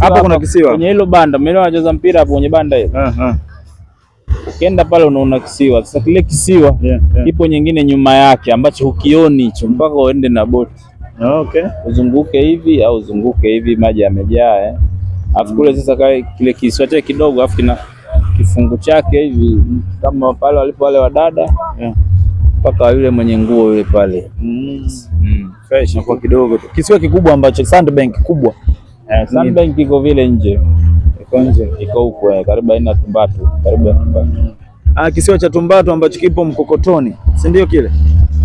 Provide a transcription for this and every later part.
hapo kuna kisiwa kwenye hilo banda, mimi nacheza mpira hapo kwenye banda hilo. uh -huh. Ukienda pale unaona kisiwa. Sasa kile kisiwa yeah, yeah. Ipo nyingine nyuma yake ambacho hukioni hicho mpaka uende na boti okay. Uzunguke hivi au uzunguke hivi, maji yamejaa eh. Afu kule mm. sasa kile kisiwa chake kidogo, afu kina kifungu chake hivi kama pale walipo wale wadada yeah. Mpaka yule mwenye nguo yule pale mm. Mm. Fresh kwa kidogo tu, kisiwa kikubwa ambacho sandbank kubwa Eh, Sunbank iko vile nje, iko nje, iko huko eh, karibu aina Tumbatu, karibu na Tumbatu. Ah, kisiwa cha Tumbatu ambacho kipo Mkokotoni, si ndio kile?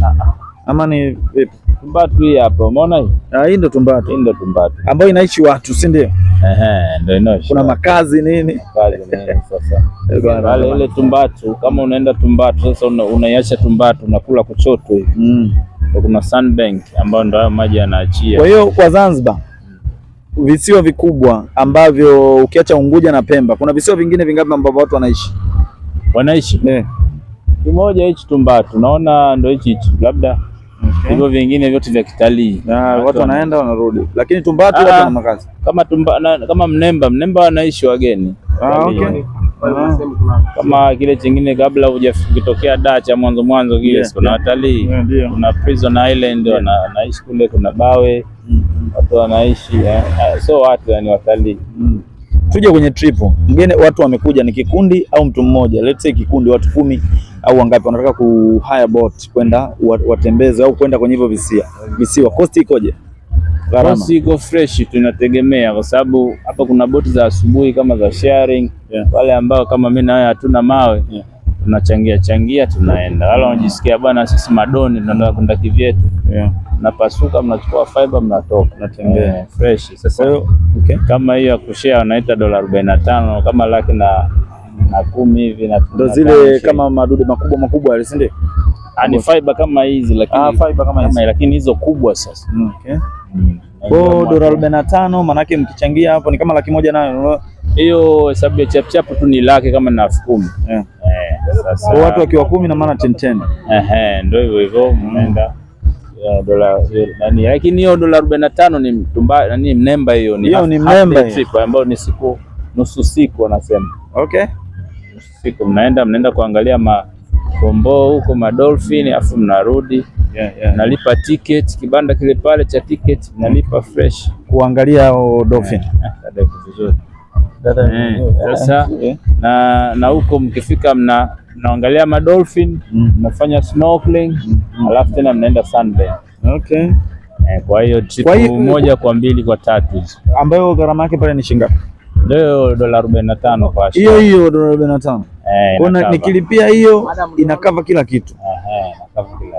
Ah, ah. ama ni vipi? Tumbatu hii hapa, umeona hii? Ah, hii ndo Tumbatu, hii ndio Tumbatu ambayo inaishi watu, si ndio? Ehe, ndio inaishi. Kuna makazi nini? Kazi nini sasa? Eh, Wale ile Tumbatu, kama unaenda Tumbatu sasa unaiacha Tumbatu, unakula kuchoto hivi. Mm. Kuna Sunbank ambayo ndio hayo maji yanaachia. Kwa hiyo kwa Zanzibar visiwa vikubwa ambavyo ukiacha Unguja na Pemba, kuna visiwa vingine vingapi ambavyo watu wanaishi? Wanaishi Eh, Kimoja hichi Tumbatu naona ndo hichi hichi labda Okay. Hivyo vingine vyote vya kitalii na watu wanaenda wanarudi, lakini Tumbatu watu ah, wana makazi kama Tumba, na, kama Mnemba Mnemba wanaishi wageni. Ah, okay. Ah. kama kile chingine kabla hujatokea dacha mwanzo mwanzo kile, yeah, kuna watalii yeah, yeah, kuna Prison Island yeah, wanaishi kule, kuna Bawe mm -hmm. watu wanaishi yeah. Eh, so watu yani watalii mm. Tuje kwenye trip mgeni, watu wamekuja, ni kikundi au mtu mmoja? Let's say kikundi watu kumi au wangapi wanataka ku hire boat kwenda watembeze au kwenda kwenye hivyo visiwa, visiwa, kosti ikoje? Bosi iko fresh, tunategemea kwa sababu hapa kuna boti za asubuhi kama za sharing yeah. Wale ambao kama mimi wewe hatuna mawe yeah. Tunachangia changia tunaenda, wala unajisikia bwana, sisi madoni tunataka kwenda kivyetu yeah. Napasuka, mnachukua fiber, mnatoka natembea yeah. Fresh sasa hiyo okay. Kama hiyo ya kushare wanaita dola arobaini na tano kama laki na na kumi hivi na ndo zile kama madude makubwa makubwa, si ndio? Ah, ni fiber kama hizi lakini, ah, fiber kama hizi lakini hizo kubwa sasa mm, okay. Kwa dola arobaini na tano manake mkichangia hapo ni kama laki moja nayo hiyo hesabu ya chap tu ni laki kama na elfu kumi yeah. Eh, sasa watu wakiwa kumi na maana ten ten ehe, ndio hivyo hivyo mnaenda dola nani, lakini hiyo dola arobaini na tano ni mtumba nani mnemba, hiyo ni hiyo ni mnemba trip ambayo ni siku nusu siku wanasema. Okay, nusu siku mnaenda mnaenda kuangalia makomboo huko madolfini, afu mnarudi yeah, Nalipa ticket kibanda kile pale cha ticket nalipa fresh kuangalia dolphin eh, eh, eh, vizuri. Sasa na na huko mkifika, mna mnaangalia madolphin mm. mnafanya snorkeling mm. alafu tena mnaenda sunbathing. Okay. kwa hiyo trip kwa hiyo, moja kwa mbili kwa tatu ambayo gharama yake pale ni shingapi? Ndio dola 45 kwa hiyo hiyo dola 45. Eh, kuna nikilipia hiyo inakava kila kitu. Aha, inakava kila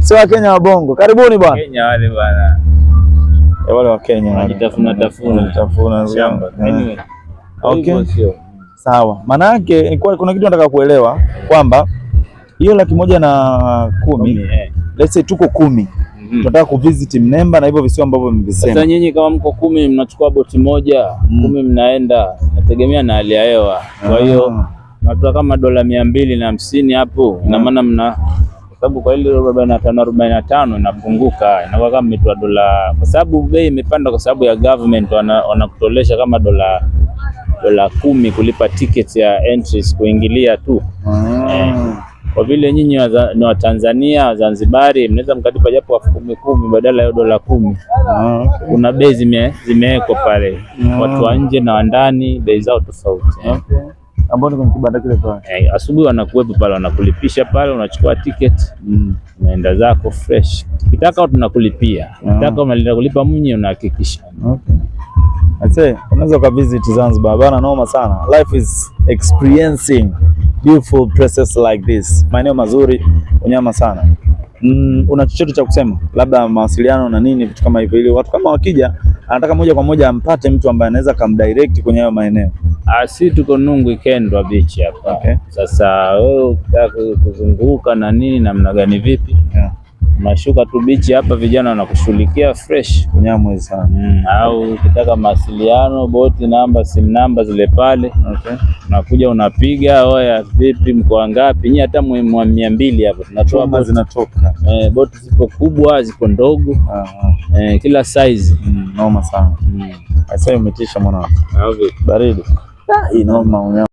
sio Wakenya wa Bongo. Karibuni bwana. Kenya wale bwana. Eh, wale wa Kenya wanajitafuna tafuna tafuna shamba. Anyway. Okay. Sawa. Maana yake ilikuwa kuna kitu nataka kuelewa kwamba hiyo laki moja na kumi, eh. Let's say tuko kumi mm -hmm. Tunataka kuvisit Mnemba na hivyo visiwa ambavyo mmevisema. Sasa nyinyi kama mko kumi mnachukua boti moja mm. Kumi mnaenda nategemea na hali ya hewa, kwa hiyo mnatoa ah. kama dola mia mbili na hamsini hapo, ina ah. maana mna sababu kwa ile arobaini na tano na tano inapunguka inakuwa kama imetoa dola, kwa sababu bei imepanda kwa sababu ya government wanakutolesha kama dola dola kumi kulipa tickets ya entries kuingilia tu mm. eh, kwa vile nyinyi ni Watanzania Wazanzibari mnaweza mkalipa japo elfu kumi kumi badala ya dola kumi. Mm. Kuna bei zimewekwa pale, mm. watu wa nje na wa ndani bei zao tofauti eh ambao ni kwenye kibanda kile pale. Hey, eh, asubuhi wanakuwepo pale, wanakulipisha pale, unachukua tiketi mm. unaenda zako fresh. Ukitaka tunakulipia, ah. ukitaka unaenda kulipa mwenyewe, unahakikisha okay. Unaweza visit Zanzibar bana, noma sana. Life is experiencing beautiful places like this, maeneo mazuri, unyama sana. Mm, una chochote cha kusema, labda mawasiliano na nini, vitu kama hivyo, ili watu kama wakija anataka moja kwa moja ampate mtu ambaye anaweza kumdirect kwenye hayo maeneo. Ah, si tuko Nungwi Kendwa Beach hapa okay. Sasa wewe unataka kuzunguka na nini namna gani vipi? yeah. Unashuka tu bichi hapa, vijana wanakushughulikia fresh kwenye mwezi. mm. Au ukitaka mawasiliano, boti namba, simu namba zile pale okay. Unakuja unapiga, oya, vipi, mkoa ngapi nyie? Hata mwa mia hapo tunatoa boti, zinatoka eh, boti zipo kubwa, ziko ndogo ah, ah. eh, kila size mm noma sana. Mm. Aisee, umetisha mwanangu. Baridi ah. inoma.